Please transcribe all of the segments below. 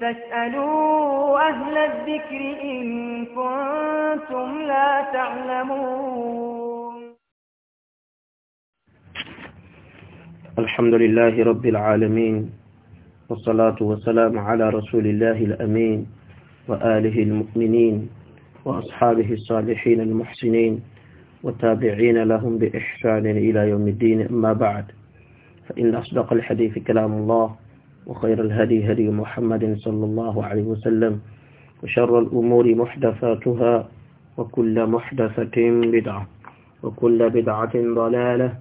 فاسألوا أهل الذكر إن كنتم لا تعلمون الحمد لله رب العالمين والصلاة والسلام على رسول الله الأمين وآله المؤمنين وأصحابه الصالحين المحسنين وتابعين لهم بإحسان إلى يوم الدين أما بعد فإن أصدق الحديث كلام الله وخير الهدي هدي محمد صلى الله عليه وسلم وشر الأمور محدثاتها وكل محدثة بدعة وكل بدعة ضلالة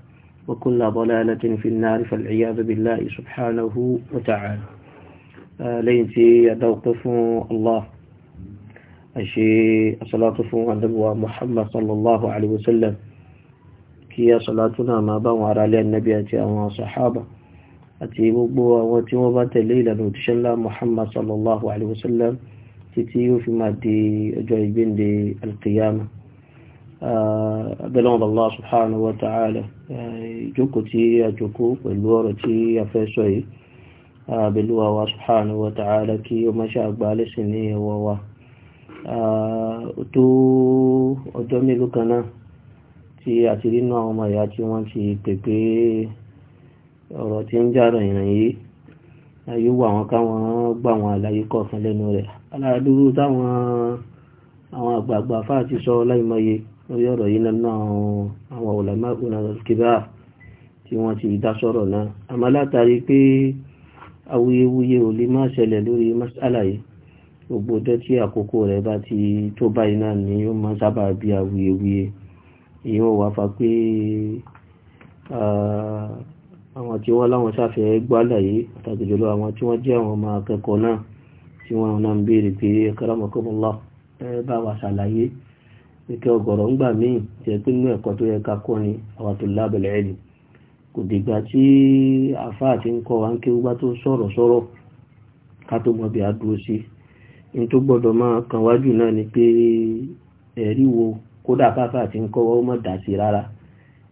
وكل ضلالة في النار فالعياذ بالله سبحانه وتعالى آه، لينتي توقف الله أشي الصلاة عند محمد صلى الله عليه وسلم كي صلاتنا ما بان على النبي أتي أو صحابه àti gbogbo àwọn tí wọ́n bá tẹ̀lé ìlànà òtíṣẹ́ ńlá Muhammad sallallahu alaihi wasallam títí yóò fi máa di ọjọ́ ìgbéǹde alkiyama abẹ́lẹ́wọ̀n Allah subhanahu wa ta'ala ìjókòó tí a jókòó pẹ̀lú ọ̀rọ̀ tí a fẹ́ sọ yìí abẹ́lú wa subhanahu wa ta'ala kí o máṣe àgbà lẹ́sìn ní ẹwọ́ wa tó ọjọ́ mélòó kan náà tí àti nínú àwọn ọmọ ìyá tí wọ́n ti pèpè ọ̀rọ̀ tí ń jàrọ̀ ìrìn yìí ayé wà wọn káwọn gbà wọn àlàyé kọ̀ọ̀kan lẹ́nu rẹ̀ aládùúgbò táwọn àwọn àgbààgbà fáà ti sọ láìmọye lórí ọ̀rọ̀ yìí nínú àwọn ulama kìbá tí wọ́n ti dá sọ̀rọ̀ náà àmọ́ látàrí pé awuyewuye ò lè má ṣẹlẹ̀ lórí mas'ala yìí gbogbo ọjọ́ tí àkókò rẹ̀ bá ti tó báyìí náà ni ó máa sábà bí awuyewuye èyí wọ́n wá pé àwọn tí wọ́n láwọn sáfẹ́ gbálàyé àtàkì jùlọ àwọn tí wọ́n jẹ́ àwọn ọmọ akẹ́kọ̀ọ́ náà tí wọ́n náà ń béèrè pé karamakumullah bá wa ṣàlàyé wíkẹ́ ọgọ̀rọ̀ ńgbà míì jẹ́ pé nínú ẹ̀kọ́ tó yẹ ká kọ́ ni àwọn tó lábẹ̀lẹ̀ ẹ̀lì kò dìgbà tí àfa àti ń kọ́ wa ń kéwú tó sọ̀rọ̀ sọ̀rọ̀ ká tó mọ̀ bí a dúró sí n tó gbọ́dọ̀ máa kàn wájú náà ni pé ẹ̀rí wo kódà káfà àti ń kọ́ wa ó mọ̀ dà sí rárá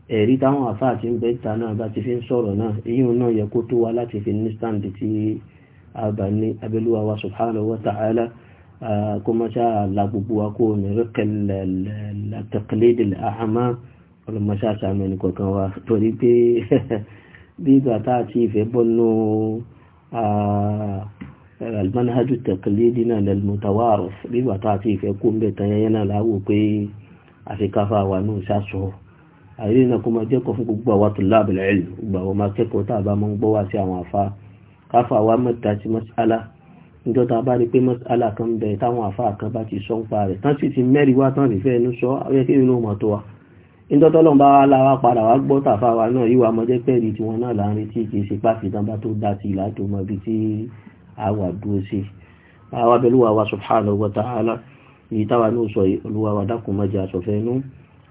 ẹ̀rí táwọn àfáà tí ń bẹ ta náà bá ti fi ń sọ̀rọ̀ náà èyí náà yẹ kó tó wá láti fi ní stand tí a bá ní abẹ́lúwa wa subhanahu wa ta'ala kó má ṣá la gbogbo wa kó mẹ́rẹ́ kẹlẹ̀ taqlidil a'ma ọlọ́mọṣá sàmì ẹnì àyè náà kó máa jẹ́kọ̀ọ́ fún gbogbo àwa tulab al-ilm gbogbo àwọn máa kẹ́kọ̀ọ́ tá a bá máa ń gbọ́ wá sí àwọn àfa káfà wa mẹ́ta sí mas'ala níjọ́ tá a bá rí pé mas'ala kan bẹ táwọn àfa kan bá ti sọ ń pa rẹ̀ tán sì ti mẹ́rin wá tán nífẹ̀ẹ́ inú sọ ayẹ́kẹ́ inú mọ̀ tó wa níjọ́ tọ́lọ́n bá wá láwa padà wá gbọ́ tàfa wa náà yíwa mọ jẹ́ pẹ́ẹ́rì tiwọn náà láàrin tí kì í ṣe páàkì tán tó dá sí ìlà tó mọ ibi tí àwa dúró sí àwa bẹ̀lú wa wa subhanahu wa ta'ala èyí táwa náà sọ olúwa wa dákun mọ́jà sọ̀fẹ́ inú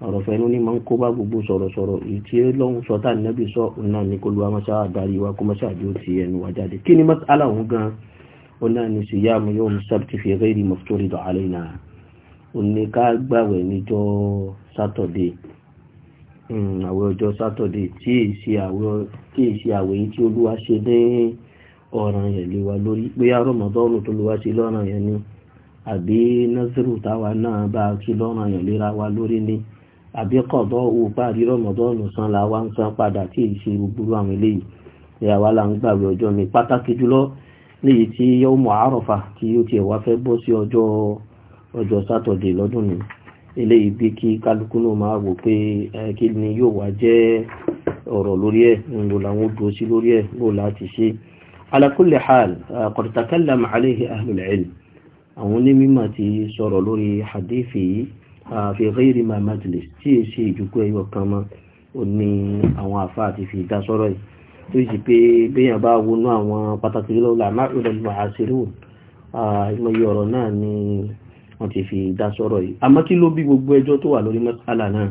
ọ̀rọ̀ fẹ́nu ní máa ń kó bá gbogbo sọ̀rọ̀sọ̀rọ̀ èyí tí ó lọ́hùn sọ tá nẹ́bí sọ òun náà ní kólú amáṣá àdarí wa kó máṣá àjò ti ẹnu wa jáde kí ni mas'ala òun gan òun náà ní sí yá mi yóò mú sábìtì fi ghairi mafturida alayna òun ní ká gbàwẹ̀ níjọ́ sátọ̀dé hmm, àwẹ̀ ọjọ́ sátọ̀dé tí èyí sí àwẹ̀ yìí tí olúwa ṣe ní ọ̀ràn yẹn lé wa lórí bóyá rọmọdọ́ọ̀nù tó lè àbí kọ̀dọ̀ owó parí rọmọdọ́ọ̀nù san la wá ń san padà tí èyí ṣe gbogbo àwọn eléyìí ìyá wa là ń gbàgbé ọjọ́ mi pàtàkì jùlọ léyìí tí yóò mọ àárọ̀fà tí ó tiẹ̀ wá fẹ́ bọ́ sí ọjọ́ ọjọ́ sátọ̀dé lọ́dún ni eléyìí bí kí kálukú náà máa wò pé kí ni yóò wá jẹ́ ọ̀rọ̀ lórí ẹ̀ ńlò làwọn dúró sí lórí ẹ̀ bó láti ṣe. ala kulli hal qad takallama alayhi ahlul àwọn onímọ̀ ti sọ̀rọ̀ lórí hadithi yìí fi ghairi ma majlis tí è ṣe ìjókòó ẹyọ kan mọ́ ó ní àwọn àfa àti fi dá sọ́rọ̀ yìí tó sì pé béèyàn bá wọnú àwọn pàtàkì lọ́la má ìrọ̀lẹ́ àṣírí wò ìmọ̀ye ọ̀rọ̀ náà ni wọ́n ti fi dá sọ́rọ̀ yìí àmọ́ kí ló bí gbogbo ẹjọ́ tó wà lórí mẹ́sàlá náà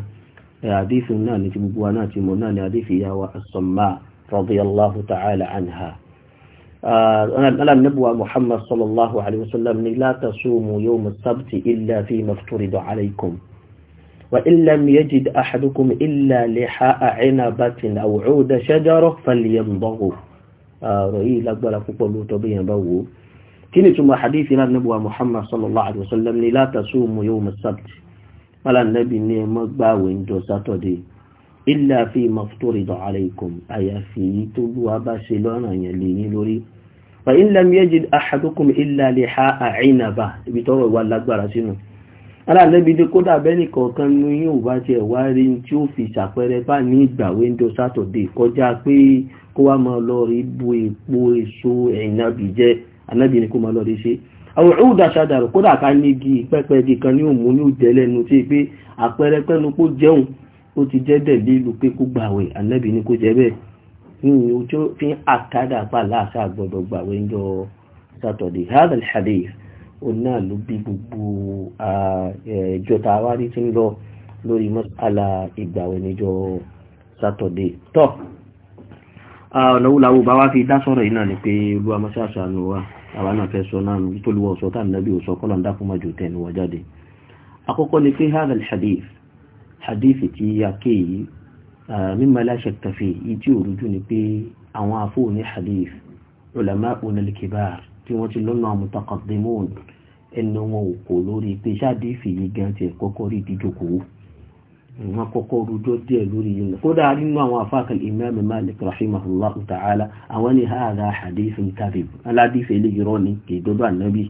àdéhùn náà ni ti gbogbo wa náà ti mọ̀ náà ni àdéhùn ìyá wa as-Samma radiyallahu ta'ala anha alánàbùwà muhammad sallallahu alaihi wasallam ni la tasumu yawm as-sabti illa fima fturidu alaykum wa illam yajid ahadukum illa liha'a 'inabatin aw 'uda shajaratin falyamdaghu ọ̀rọ̀ yìí lágbára púpọ̀ lóòtọ́ bí yẹn bá wò ó kí ni túnmọ̀ hadithi náà níbuwa muhammad sallallahu alaihi wasallam ni la tasumu yawm as-sabti mọ́lá nẹ́bí ní ẹmọ́ gbáwẹ̀ ń jọ sátọ̀dẹ̀ ilẹ̀ àfi mafitoridọ̀ alaykum àyàfi yìí tó lúwa bá ṣe lọ́ràn yẹn lè yín lórí fa in lam yajid ahadukum illa liha àìnàbà ibi tọ́rọ̀ wà lágbára sínú aláàlẹ́bí dé kódà bẹ́ẹ̀ni kọ̀ọ̀kan ní yóò bá tiẹ̀ wá rí tí ó fi ṣàpẹẹrẹ bá ní ìgbà wíńdò sátọ̀dé kọjá pé kó wá máa lọ rí bu epo èso ẹ̀yìnàbì jẹ́ anábì ni kó máa lọ rí ṣe àwọn òun dàṣàdàrọ̀ kódà ká ní pẹ́pẹ́ di kan ní òun ní òjẹ́lẹ́nu tí pé àpẹẹrẹ pẹ́nu kó jẹun ó ti jẹ́ dẹ̀lí ìlú pé kó gbàwẹ̀ ànábì ní kó jẹ́ bẹ́ẹ̀ yìnyín ojú fi ń àkádà pa láàṣà gbọ́dọ̀ gbàwẹ̀ ń jọ sátọ̀dẹ̀ hadha al-hadith òun náà ló bí gbogbo ẹjọ́ tá a wá rí ti ń lọ lórí mọ́sálà ìgbàwẹ̀ níjọ sátọ̀dẹ̀ tọ́ ọ̀nà bá wá fi dá sọ̀rọ̀ yìí náà ni pé olúwa mọ́ṣáṣá nù hadith ti yake yìí mímọ aláṣẹ tàfẹ ìdí òrùjú ni pé àwọn afóòní hadith ulama onalkibar tí wọ́n ti lọ́nà mutaqaddimun ẹnu wọn ò kò lórí pé ṣáàdìfì yìí gan ti kọ́kọ́ rí ìdíjokòó wọn kọ́kọ́ rújọ́ díẹ̀ lórí yìí kódà nínú àwọn afáàkàn imam malik rahimahullah ta'ala àwọn ni hadithun kadhib aládìfẹ́ lè yọrọ ní kì í dọ́dọ̀ ànábì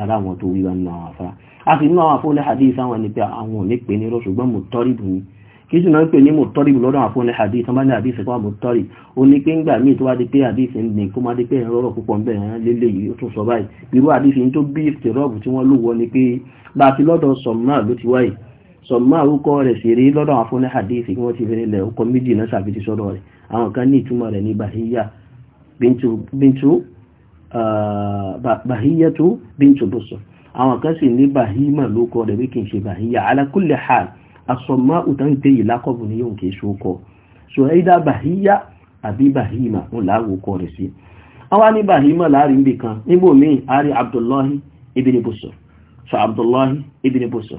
ara wọn tó wíwá nínú àwọn a sì nínú àwọn àfóúnlẹ̀ hadith àwọn ẹni pé àwọn ò ní pè ní irọ́ ṣùgbọ́n mo tọ́rìbù ni kí sì náà pè ní mo tọ́rìbù lọ́dọ̀ àwọn àfóúnlẹ̀ hadith tán bá ní hadith pa mo tọ́rì ó ní pé ńgbà míì tó wá di pé hadith ń gbìn kó má di pé ẹ̀rọ púpọ̀ ńbẹ̀ ẹ̀rọ lélẹ̀ yìí ó tún sọ báyìí irú hadith tó bí ìtẹ̀rọ̀bù tí wọ́n lò wọ́ ni pé bá a ti lọ́dọ̀ sọ̀mọ́ ló ti wáyìí sọ̀mọ́ àrúkọ rẹ̀ sì rí lọ́dọ̀ àwọn hadith kí wọ́n ti fi rinlẹ̀ ọkọ̀ méjì náà ṣàfihàn sọ́dọ̀ rẹ̀ àwọn kan ní ìtumọ̀ rẹ̀ ní bahiyya bintu bintu ah, bahiyya tó bintu bùsùn àwọn kan sì ní bahima ló kọ rẹ̀ bí kì í ṣe bahiya ala kulli hal asọ̀mọ́ òtán tẹ yìí lákọ̀bù ní yóò kì í ṣe ó kọ so either bahiya àbí bahima ń láwò kọ rẹ̀ sí. àwa ní bahima láàrin ibì kan níbòmíì a abdullahi ibn busr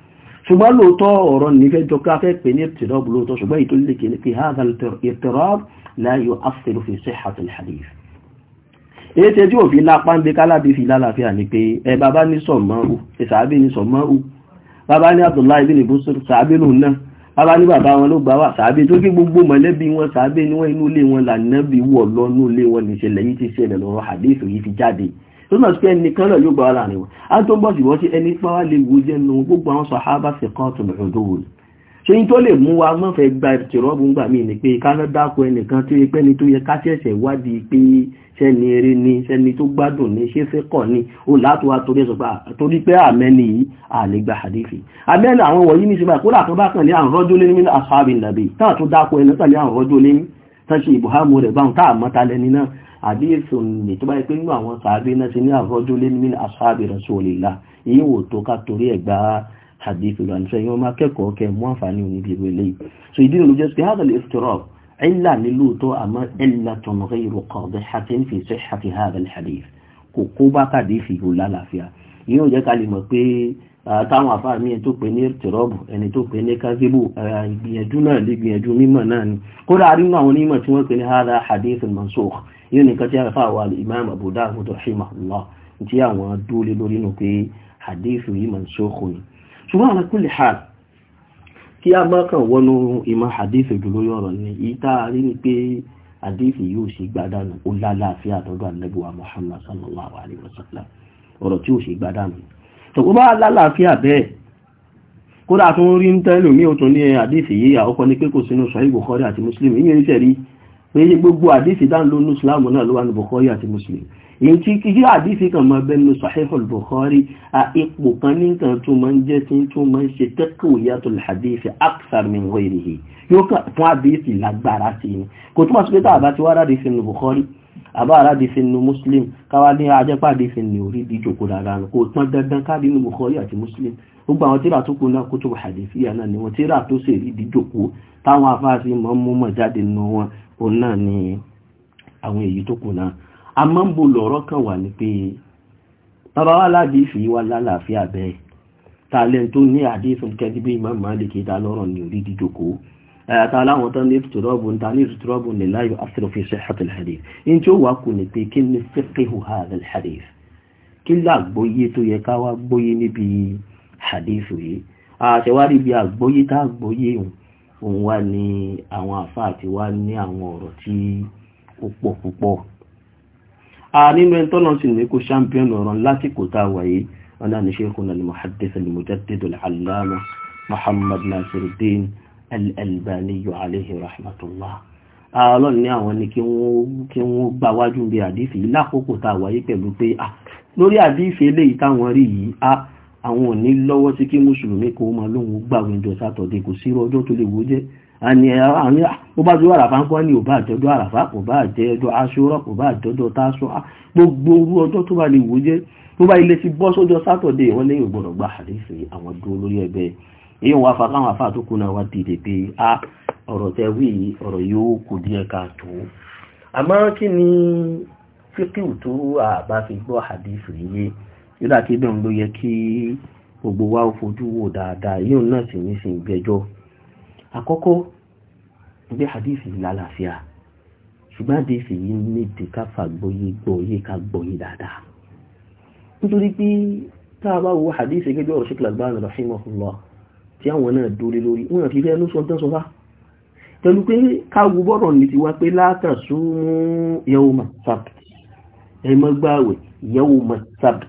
ṣùgbọ́n lóòótọ́ ọ̀rọ̀ nífẹ́ jọká fẹ́ pè ní ìtìrọ́bù lóòótọ́ ṣùgbọ́n ètò ilé kìí pé hádà ìtìrọ́bù láyò afẹ́lúfẹ́ sí àtìlhadif èyí tẹ́ tí ò fi lápá ń gbé kálábí fi lálàáfíà ní pé ẹ bàbá ní sọ̀mọ́rù ìsàábí ní sọ̀mọ́rù bàbá ní Abdullahi bin Busr sàábí lòun náà bàbá ní bàbá wọn ló gbà wà sàábí tó kí gbogbo mọ̀lẹ́bí wọn hadith tó náà pé ẹnìkan náà yóò gbà wá láàrin wọn a tó ń bọ̀ sí wọ́n tí ẹni pa wá lè wo jẹ́nu gbogbo àwọn sàhábà fi kọ́ tùmọ̀ ọdún wò ṣe yí tó lè mú wa mọ́ gba ìtìrọ́bù mí ni pé káná dákọ ẹnìkan tó yẹ pé ni tó yẹ ká ṣẹ̀ṣẹ̀ wádìí pé sẹ́ni eré ni sẹ́ni tó gbádùn ni ṣé fẹ́ kọ̀ ni ó láti wá torí ẹ̀sọ̀ torí pé àmẹ́ni yìí àlè àmẹ́ni àwọn wọ̀nyí àbí èso nì tó bá yẹ pé nínú àwọn sàábé náà ti ní àfọ́jú lé nínú asáàbì rasulillah èyí wò tó ká torí ẹ̀gbá àdéfì lọ àníṣe ìwọ́n máa kẹ́kọ̀ọ́ kẹ mú àǹfààní òní bí wẹ́lẹ́ yìí so ìdí ló jẹ́ pé hadal iftirọ́ ẹ̀là ní lóòótọ́ àmọ́ ẹ̀là tọmọkẹ́ ìrọ̀kọ̀ bẹ́ hatin fi ṣe hati hadal hadith kò kó bá kàdéfì ìlú lálàáfíà ìyẹn ò jẹ́ ká táwọn àfáà mi tó pè ní tìrọ́bù ẹni tó pè ní kazibu ìgbìyànjú náà lè gbìyànjú mímọ̀ náà ni kódà arínú àwọn onímọ̀ tí wọ́n pè ní hada hadith mansukh yóò nìkan tí àfà wà imam abu dawud rahimahullah tí àwọn dúlé lórí nù pé hadithu yìí mansukhu ni ṣùgbọ́n ala kulli hal kí a má kàn wọnú ìmọ̀ hadithu jù lórí ọ̀rọ̀ ni ìta rí ni pé hadithu yóò sì gbádànù ó lálàáfíà tọ́jú ànábìwá muhammad sallallahu alayhi wa sallam ọ̀rọ̀ tí ó sì gbádànù tọ̀kọ́ bá lálàáfíà bẹ́ẹ̀ kódà tún rí ń tẹ́lùmí ó tún ní èyí gbogbo àdísì dá ló ní islam náà ló wà ní bukhari àti muslim èyí tí kí àdísì kan máa bẹ́ nínú sahihul bukhari a ipò kan ní nǹkan tó máa ń jẹ́ tí tó máa ń ṣe taqwiyatul hadith aksar min ghayrihi yóò kàn fún àdísì lágbára sí ni kò túmọ̀ sí pé tá a bá ti bukhari àbá aládìsí nu muslim káwá ní ajẹ́pá àdìsí ní orí bí jòkó dára kò pọn dandan káàdì ní bukhari àti muslim gbogbo àwọn tíra tó kù náà kó tó bá hadithiya náà ni wọn tíra tó sì rí bí jòkó táwọn afáàsì mọ́ mú mọ̀ jáde nù wọn ni àwọn èyí tó kù náà a máa ń bo lọ́rọ́ kan wà ní pé bàbá wa aládìsí wa lálàáfíà bẹ́ẹ̀ tààlẹ́ àtàláwọn tán ní tùrọ́bù ń ta ní tùrọ́bù ní láyò asìròfin sihhatul hadith in tí ó wà kù ní pé kí ni fiqhu hadhal hadith kí lágbóyé tó yẹ ká wá gbóyé níbi hadith yìí àṣẹwárí bí àgbóyé tá àgbóyé òun wá ní àwọn àfáà àti wá ní àwọn ọ̀rọ̀ tí ó pọ̀ púpọ̀ nínú ẹni tọ́nà sí ní kó champion ọ̀rọ̀ lásìkò tá wà yìí wọn náà ní shaykhuna al-muhaddith al-mujaddid al-allama Muhammad Nasiruddin al-Albani alayhi rahmatullah ah, ọlọ́run ní àwọn ni kí wọ́n gba wájú bí àdífì lákòókò tá a wáyé pẹ̀lú pé a ah, lórí àdífì eléyìí táwọn rí yìí a ah, àwọn ò ní lọ́wọ́ sí kí mùsùlùmí kò mọ lóhun gbàwé ìjọ sátọ̀dé kò sí ọjọ́ tó lè wó jẹ́ àní àwọn ó bá jọ àràfà ń kọ́ ní ò bá àjọjọ́ àràfà kò bá àjẹ́ ọjọ́ aṣọ́rọ̀ kò bá àjọjọ́ táṣọ́ gbogbo orú ọjọ́ tó bá lè wó jẹ́ tó bá ilé ti bọ́ sọ́jọ́ sátọ̀dé wọ́n lẹ́yìn ògbọ́dọ̀ gba àdífì àwọn dúró lórí ẹgbẹ́ èyí wà fà káwọn àfà tó kùnà wà dìde pé a ọ̀rọ̀ tẹ́wì ọ̀rọ̀ yóò kù díẹ̀ ká tó àmọ́ kí ni fíkíù tó àbá fi gbọ́ hadith yìí yóò kí bẹ́ẹ̀ ló yẹ kí gbogbo wa ó fojú wò dáadáa yóò náà sì ní sin ìgbẹ́jọ́ àkọ́kọ́ bí hadith yìí lálàáfíà ṣùgbọ́n hadith yìí nídìí ká fàgbọ́yé gbọ́yé ká gbọ́yé dáadáa nítorí pé tá wo hadith gẹ́gẹ́ bí ọ̀rọ̀ Sheikh Al-Albani rahimahullah tí àwọn náà dóre lórí wọ́n fi fẹ́ ló sọ tán sọfá pẹ̀lú pé káwù bọ́rọ̀ ní ti wá pé látàn súnmú yawma sabt ẹmọ́ gbààwẹ̀ yawma sabt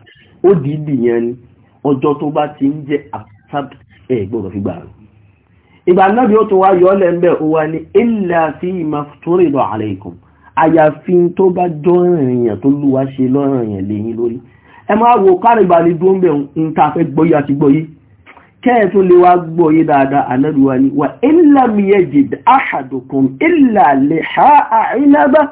ó dìídì yẹn ni ọjọ́ tó bá ti ń jẹ́ sabt ẹ̀ gbọ́dọ̀ fi gbà rẹ̀ ìgbà náà bí ó tó wá yọ ọ́ lẹ́ńbẹ̀ ó wá ní illa fi mafturidu alaykum àyàfi tó bá jọ ìrìnyàn tó lúwa ṣe lọ́rọ̀ yẹn lẹ́yìn lórí ẹ máa wo kárìbà ní dúró ń ta fẹ́ gbọ́yé àti gbọ́yé kẹ́ẹ̀tù lè wá gbọ́ yí dáadáa ànádùwá ni wà illam yajid ahadukum illa liha'a inaba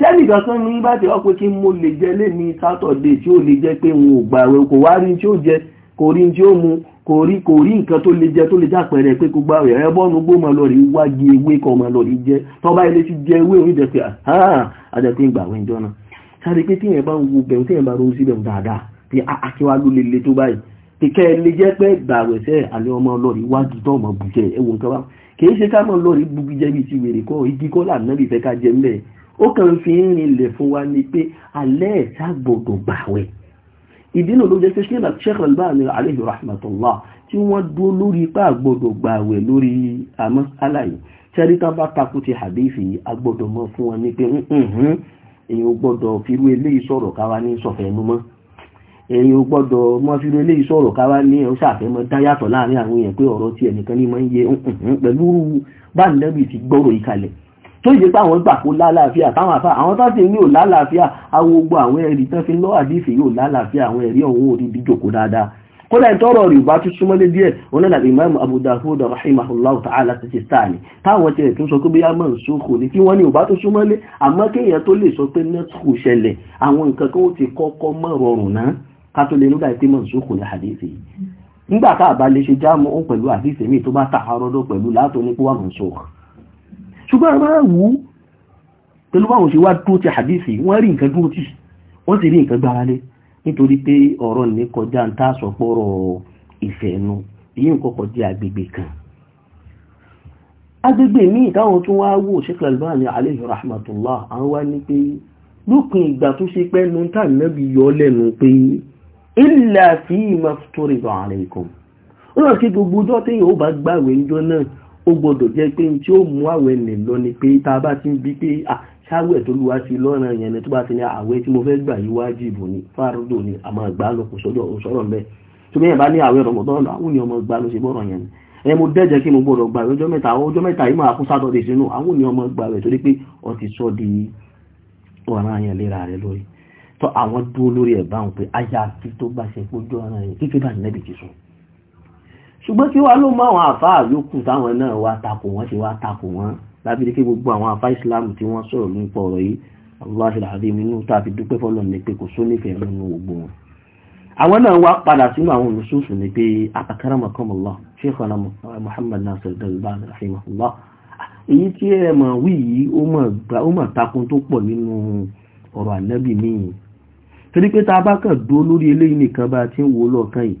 tẹ́nìkan sọ ní bá ti wá pé kí mo lè jẹ lémi sátọ̀dé tí ó lè jẹ́ pé wọn ò gbààwẹ̀ kò wá rí tí ó jẹ kò rí tí ó mu kò rí nǹkan tó lè jẹ tó lè jápẹ̀rẹ̀ pé kò gbààwẹ̀ ẹ bọ́nu gbó mọ́ wági ewé kan mọ́ lọ́rí jẹ tọ́ba ilé ti jẹ ewé òun jẹ pé àjẹpé ń gbààwẹ̀ ìjọ náà sáré pé tíyẹn bá ń wo bẹ̀rù tíyẹn bá ronú sí dáadáa pé akíwá lè le tó báyìí kìkẹ́ ilé jẹ́ pé gbàwẹ̀sẹ̀ àlẹ́ ọmọ lọ́rí wájú tó ọmọ bùjẹ ẹwọ nǹkan bá kìí ṣe ká mọ̀ lọ́rí bugi jẹ́ bí ti wèrè kọ́ igi kọ́ lànàbì fẹ́ ká jẹ mẹ́ ó kàn fi ń rinlẹ̀ fún wa ni pé alẹ́ ẹ̀ta gbọdọ̀ gbàwẹ̀ ìdínà ló jẹ́ sẹ́ṣẹ́ náà Sheikh Al-Albani alayhi rahmatullah tí wọ́n dúró lórí ipá gbọdọ̀ gbàwẹ̀ lórí àmọ́ aláì tẹ́rí tán bá takú ti hadithi agbọ́dọ̀ mọ́ fún wọn ni pé èèyàn gbọ́dọ̀ firú eléyìí sọ̀rọ̀ káwa ní sọ̀fẹ́ ẹnu mọ́ ẹ̀yin ò gbọ́dọ̀ mọ́sílẹ̀ ilé ìṣòro káwá ní ẹ̀ ó ṣàfẹ́mọ́ dáyàtọ̀ láàrin àwọn èèyàn pé ọ̀rọ̀ tí ẹnìkan ní máa ń yẹ pẹ̀lú báńdẹ́bì ti gbọ́rọ̀ ìkàlẹ̀ tó yẹ pé àwọn gbà kó lálàáfíà táwọn àfà àwọn tó ti ní ò lálàáfíà awo gbogbo àwọn ẹ̀rí tán fi lọ́wọ́ àdífẹ́ yóò lálàáfíà àwọn ẹ̀rí ọ̀hún òdi díjòkó dáadáa kódà ìtọ́rọ̀ rí bá tún súnmọ́lé díẹ̀ wọn náà dàbí imam abu dawud rahimahullahu ta'ala ti ṣe sáà ni táwọn tiẹ̀ tún sọ pé bí yàmọ̀ nsúkò ni kí wọ́n ní ò bá tún súnmọ́lé àmọ́ kéèyàn tó lè sọ pé nẹ́tùkù ṣẹlẹ̀ àwọn nǹkan kan ó ti kọ́kọ́ mọ́ rọrùn náà kátó lè nígbà ìpé mansukh ní hadithi nígbà tá àbá lè ṣe jáàmù ó pẹ̀lú hadithi mi tó bá tààrọ́dọ́ pẹ̀lú látọ̀ ní pọ́wà mansukh ṣùgbọ́n àwọn ẹ̀wù pẹ̀lú báwọn ṣe wá dúró ti hadithi wọ́n rí nǹkan dúró tì wọ́n sì rí nǹkan gbáralé nítorí pé ọ̀rọ̀ ní kọjá ń tàṣọ pọ̀rọ̀ ìfẹ́ nu èyí nǹkan kọ agbègbè kan agbègbè míì táwọn tún wá wò Sheikh Al-Albani alayhi rahmatullah àwọn wá ní pé lópin ìgbà tó ṣe pẹ́ nu tá nábì yọ lẹ́nu pé illa fi mafturidu alaykum ó lọ sí gbogbo ọjọ́ tí yóò bá gbàwẹ̀ ìjọ náà ó gbọdọ̀ jẹ́ pé tí ó mú àwẹ̀ nì lọ ni pé tá a bá ti ń bí pé ṣáwẹ̀ tó lùwá sí lọ́ràn yẹn ni tó bá ti ní àwẹ̀ tí mo fẹ́ gbà yí wájìbù ni fáàrúdò ni àmọ́ àgbà lọ kò sọ́dọ̀ òṣọ́rọ̀ mẹ́ tó máa kú tó àwọn dúró lórí ẹ̀ báwọn pé ayáàfi tó bá ṣe pójú ọ̀ràn yẹn kíkẹ́ bá nẹ́bì ti sùn ṣùgbọ́n kí wá ló mọ àwọn àfáà yòókù táwọn náà wá takò wọ́n ṣe wá takò wọ́n lábílẹ̀ kí gbogbo àwọn àfáà ìsìláàmù tí wọ́n sọ̀rọ̀ nípa ọ̀rọ̀ yìí aláṣẹ àti inú tàbí dúpẹ́ fọ́lọ́ ní pé kò sónífẹ̀ẹ́ lọ́nà gbogbo wọn àwọn náà wá padà sínú àwọn olùsúsù ní pé akaramakumullah sheikhana muhammad nasir dalban rahimahullah èyí tí ẹ mọ̀ wí yìí ó mọ̀ takun tó pọ̀ nínú ọ̀rọ̀ ànábì míì torí pé ta bá kàn dúró lórí eléyìí nìkan bá ti ń wò lọ́ọ̀kan yìí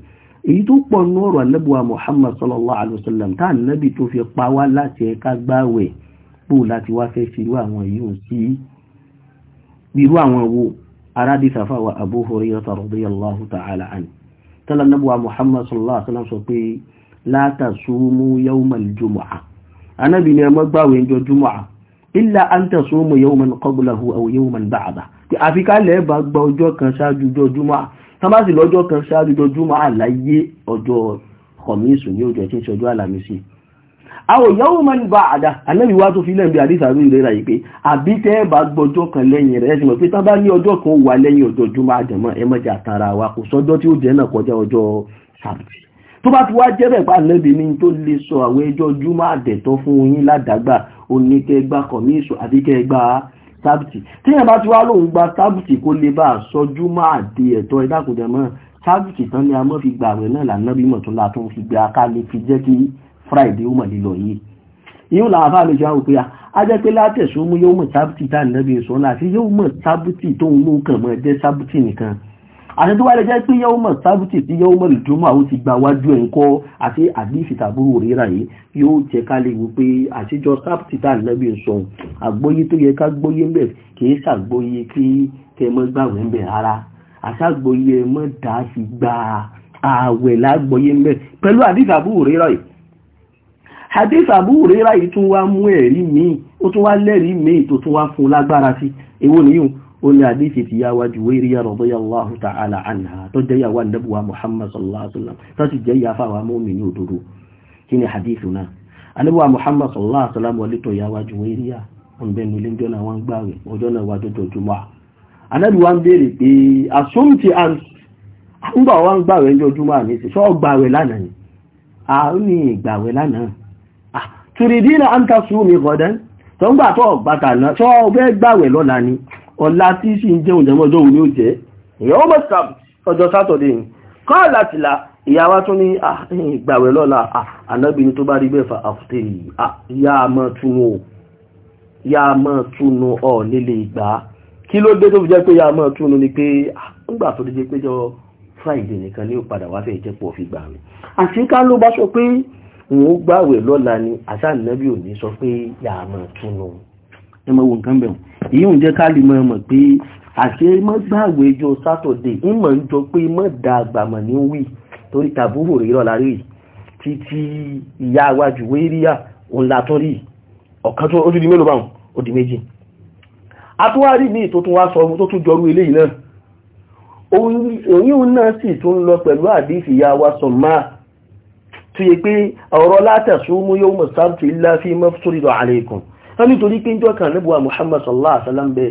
èyí tó pọ̀ nú ọ̀rọ̀ alẹ́bùwà Muhammad sallallahu alayhi wa sallam tá ànábì tó fi pa wá láti ẹ̀ka gbáwẹ̀ pò láti wá fẹ́ fi irú àwọn yìí sí irú àwọn wo aráàdì sàfà wa Abu Hurairah àfi kálẹ̀ bá gba ọjọ́ kan ṣáájú jọjúmọ́ tán bá sì lọ́jọ́ kan ṣáájú jọjúmọ́ àlàyé ọjọ́ kọ̀míìsù ní ọjọ́ tí ń ṣọjọ́ àlàmísì àwọn ìyàwó máa ń bá àdá anábì wá tó fi lẹ́yìn bí àdìsá ló ìlera yìí pé àbí tẹ́ ẹ bá gbọ́jọ́ kan lẹ́yìn rẹ̀ ẹ̀sìn mọ̀ wa kò sọ́jọ́ tí ó jẹ́ náà kọjá ọjọ́ sàbùtì tó bá ti wá jẹ́ bẹ̀ pa anábì ní tó lè sọ àwọn ẹjọ́ sábìtì tí yẹn bá ti wá lóun gba sábìtì kó lè bá sọjú máa di ẹ̀tọ́ ìdákùnjẹ́ mọ́ sábìtì tán ni a mọ́ fi gbà rẹ̀ náà lànà bí mọ̀ tó la tó fi gbà ká lè fi jẹ́ kí friday ó mọ̀ lílọ yìí ìyún làwọn afáàlú jẹ́ àwọn òpéyà ah, a jẹ́ pé látẹ̀sùn mú yóò mọ̀ sábìtì tá àti tó wá lè jẹ́ pé yẹ́wò mọ̀ sábùtì tí yẹ́wò mọ̀ lùdúmọ̀ àwọn ti gba wájú ẹ̀ ń kọ́ àti àdífì tàbúrò rírà yìí yóò jẹ́ ká lè wò pé àtijọ́ sábùtì tá ànábì ń sọ àgbóyé tó yẹ ká gbóyé ń bẹ̀ kì í ṣàgbóyé kí kẹ mọ́ gbàwẹ̀ ń bẹ̀ rárá àṣàgbóyé mọ́ dá fi gba ààwẹ̀ lágbóyé ń bẹ̀ pẹ̀lú àdífì àbúrò yìí hadith Abu yìí tún wá mú ó ní àdíṣe ti yá wájú wérí yà radiyallahu ta'ala anha tó jẹ́ yàwó àdẹ́bùwà muhammad sallallahu alaihi wasallam tó sì jẹ́ yà fáwọn mu'minin òdodo kí ni àdíṣe náà àdẹ́bùwà muhammad sallallahu alaihi wasallam wọlé tó yà wájú wérí yà wọn bẹ́ẹ̀ nílé jọ́ náà wọ́n gbààwẹ̀ ọjọ́ náà wájú jọjúmọ́ àdẹ́bùwà ń béèrè pé asumti ah, an ńgbà wọn gbààwẹ̀ jọjúmọ́ àmì sí sọ gbààwẹ̀ lọ́la ni ọ̀la tí sì ń jẹun jẹmọ́ ọjọ́ òun ni ó jẹ́ ìyàwó mọ̀ ọjọ́ sátọ̀dé yìí kọ́ látìlá ìyàwó tún ní ìgbàwẹ̀ lọ́la ànábìnrin tó bá rí bẹ́ẹ̀ fa àfúté yìí yá mọ́ túnú yá mọ́ ọ̀ nílé ìgbà kí ló dé tó fi jẹ́ pé yá mọ́ túnú ni pé ńgbà friday nìkan ní ó padà wá fẹ́ jẹ́ pọ̀ fi ni àṣà ànábì ò ní sọ pé yá èyí ò jẹ́ ká lè mọ̀ mọ̀ pé àṣẹ mọ́ gbàgbé ẹjọ́ sátọ̀dẹ̀ ìmọ̀ ń jọ pé mọ́ da àgbàmọ̀ ní wí torí tàbúrò rẹ̀ rọ̀ lárí títí ìyá àwájú wéríà òun látọ́rí ọ̀kan tó ó ti di mélòó báwọn ó di méjì àtúwárí ní tó tún wá sọ tó tún jọrú eléyìí náà òyìn náà sì tún lọ pẹ̀lú àdífì ìyá wa sọ máa tó yẹ pé ọ̀rọ̀ látẹ̀sùn mú yóò mọ̀ sáàtì ilá mọ́ sórí lọ àlékùn wọ́n nítorí pé ń jọ́ kan níbuwa muhammad sallallahu alaihi wasallam bẹ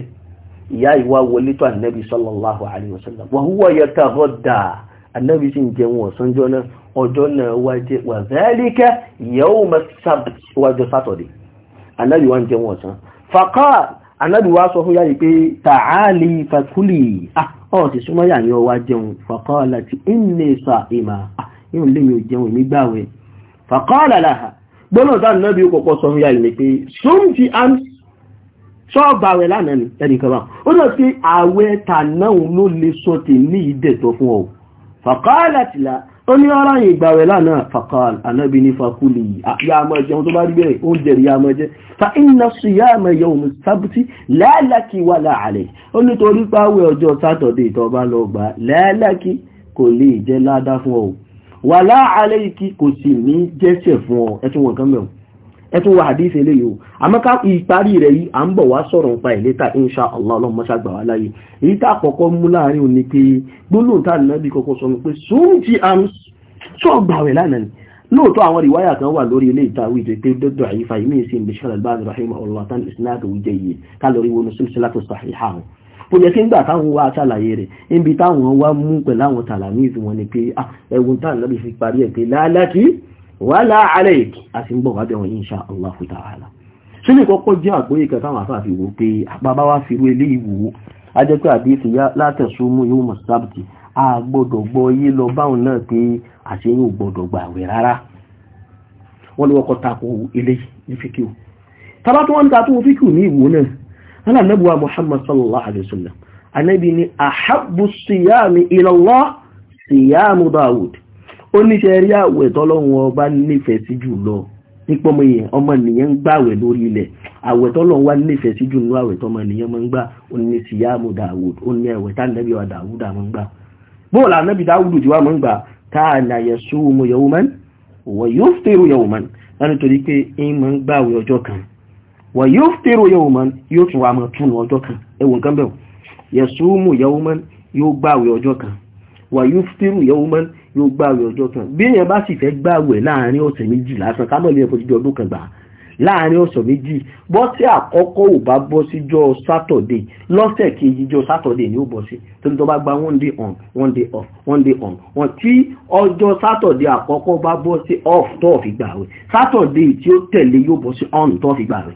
ìyá ìwà wọlé tó ànábì sallallahu alaihi wasallam wa huwa yataghadda ànábì sì ń jẹun ọ̀sánjọ́ náà ọjọ́ náà wá jẹ́ wa dhalika yawm as-sabt wájọ́ sátọ̀dẹ̀ ànábì wá ń jẹun ọ̀sán faqala ànábì wá sọ fún yáyì pé ta'ali fakuli ọ̀ ah, ti súnmọ́ yà ní ọwá jẹun faqala ti inni sa'ima ah, yóò lè mi ò jẹun ìmígbàwẹ̀ faqala laha gbọ́nà dáà náà bí ó kọ̀kọ́ sọ ya ìlẹ̀ pé ṣóǹtì án ṣọ́ọ̀bà rẹ̀ lánàá ni ẹnìkan bá ó náà sí ààwẹ̀ tànáà ló lè sọ tì ní ìdẹ̀tọ̀ fún ọ fàkàálàtìlá ó ní ara yìí gbà rẹ̀ lánàá fàkàál anábì ní fakúlì yàmọ̀ jẹun tó bá rí bẹ́ẹ̀ oúnjẹ rí yàmọ̀ jẹ fa iná sí yàmọ̀ yẹ òun sábùtì láàlákì wà láàrẹ̀ ó nítorí pàwẹ̀ ọjọ́ wàlá alayki kò sì ní jẹ́sẹ̀ fún ọ ẹtún wọn kan mẹ́wọ̀n ẹtún wà hadith eléyìí o àmọ́ká ìparí rẹ̀ yìí à ń bọ̀ wá sọ̀rọ̀ nípa ẹ̀ létà insha allah ọlọ́mọ ṣàgbà wá láyé èyí tá àkọ́kọ́ mú láàrin òní pé gbólóhùn tá ànábì kọ́kọ́ sọ pé sóòtì àrùn sọ̀gbà rẹ̀ lánàá ni lóòótọ́ àwọn ìwáyà kan wà bó jẹ́ kí ń gbà táwọn wá ṣàlàyé rẹ̀ níbi táwọn wá mú pẹ̀lú àwọn tàlàmíz wọn ni pé ah, ẹwùn táwọn lọ́bí fi parí ẹ̀ pé láàlákì wà láàárẹ̀ èkì àti ń bọ̀ wá bẹ̀wọ̀n insha Allah ta'ala ṣe lè kọ́kọ́ jẹ́ àgbóyè kẹta àwọn àfáà fi wò pé bàbá wa fi rú ilé ìwò a jẹ́ pé àdéhùn látẹ̀súnmú yóò ta tó fíkì ní ìwò náà alábùwà muhammad sallallahu alaihi wasallam anábi ni ahabbu siyami ilallah siyamu dawud ó ní ṣe rí àwẹ̀ tọ́lọ́run ọba nífẹ̀ẹ́ sí jù lọ nípa ọmọ èèyàn ọmọ ènìyàn ń gbà àwẹ̀ lórí ilẹ̀ àwẹ̀ tọ́lọ́run wá nífẹ̀ẹ́ sí jù lọ àwẹ̀ tọ́mọ ènìyàn máa ń gbà ó ní siyamu dawud ó ní àwẹ̀ tá nàbí wa dawud máa ń gbà bóòlù ànábì dawud ti wá máa ń gbà kana yasumu yawman wa yuftiru yawman láti torí pé ń máa ń gbà àwẹ̀ ọjọ́ kan wà yóò fèrò yawman yóò tún wà máa túnú ọjọ́ kan ẹwùn kan bẹ̀rù yasumu yawman yóò gbàwẹ̀ ọjọ́ kan wà yóò fèrò yawman yóò gbàwẹ̀ ọjọ́ kan bí èèyàn bá sì fẹ́ gbàwẹ̀ láàrin ọ̀sẹ̀ méjì lásán kámọ̀ ilé ẹ̀fọ́ ọdún kan gbà láàrin ọ̀sẹ̀ méjì bọ́ sí àkọ́kọ́ ò bá bọ́ síjọ́ sátọ̀dé lọ́sẹ̀ kejì jọ sátọ̀dé ni ó bọ́ sí torí tó bá gba one day on one day off one day on wọn tí ọjọ́ sátọ̀dé àkọ́kọ́ bá bọ́ sí off tó fi gbàwẹ̀ sátọ̀dé tí ó tẹ̀lé yóò bọ́ sí on tó fi gbàwẹ̀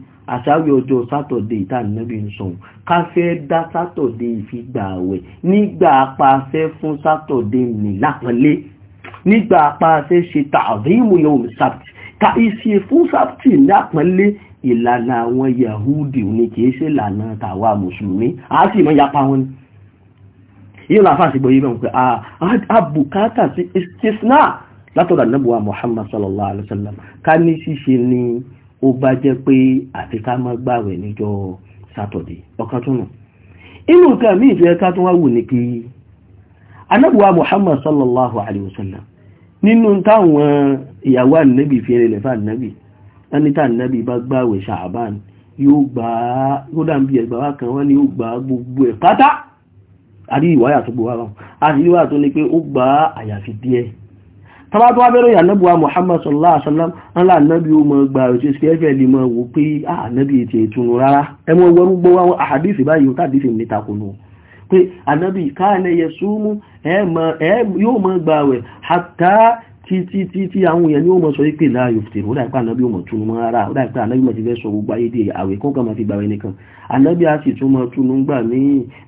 àṣàwẹ̀ ọjọ́ sátọ̀dẹ̀ ìta nínú ń sọ̀hún ká fẹ́ dá sátọ̀dẹ̀ ìfigbà àwẹ̀ nígbà apáṣẹ fún sátọ̀dẹ̀ ní lápẹ́lẹ́ nígbà apáṣẹ ṣe tààdéhùn yawm sábtì ká ìṣe fún sábtì lápẹ́lẹ́ ìlànà àwọn yahudi ni kìí ṣe ìlànà tàwa mùsùlùmí a sì mọ yapa wọn ni yíò láfà sí gbọ́yí mẹ́wọ̀n pé àbùkátà sí istisna látọ̀dà nàbùwà muhammad sallallahu alaihi wasallam ká ní ṣíṣe ni ó bá jẹ́ pé àfi ká má gbààwẹ̀ níjọ́ sátọ̀dé ọkàn tó inú nǹkan míì tó yẹ ká wá wò ní pé anábùwá Muhammad sallallahu alayhi wa sallam nínú táwọn ìyàwó ànábì fi rẹ̀ lẹ́fà ànábì tánítà ànábì bá gbààwẹ̀ ṣàbán yóò gbà á kódà ń bí ẹgbà wá kan wọ́n ní ó gbà á gbogbo ẹ̀ pátá àrí ìwáyà tó gbowó àwọn àti ìwáyà tó ní pé ó gbà àyàfi díẹ̀ tọba tó wá bẹ́rẹ̀ ànábùwà Muhammad sallallahu alaihi wasallam ńlá ànábì ó mọ̀ gbà òṣè sí ẹ̀fẹ́ lè mọ̀ wò pé ah, ànábì ètò ìtùnú rárá ẹmọ ìwọ̀rú gbọ́ wọn àhàdìsì báyìí ó tàbí fèmí takùnú pé ànábì káàlẹ̀ títí títí àwọn èèyàn ní ó mọ̀ sọ wípé láàyò fìtèrè ó ànábí òmọ̀ ti fẹ́ sọ gbogbo ayé dé àwẹ̀ kó kàn máa fi gbàwẹ̀ nìkan ànábí a sì tún mọ̀ túnú gbà ní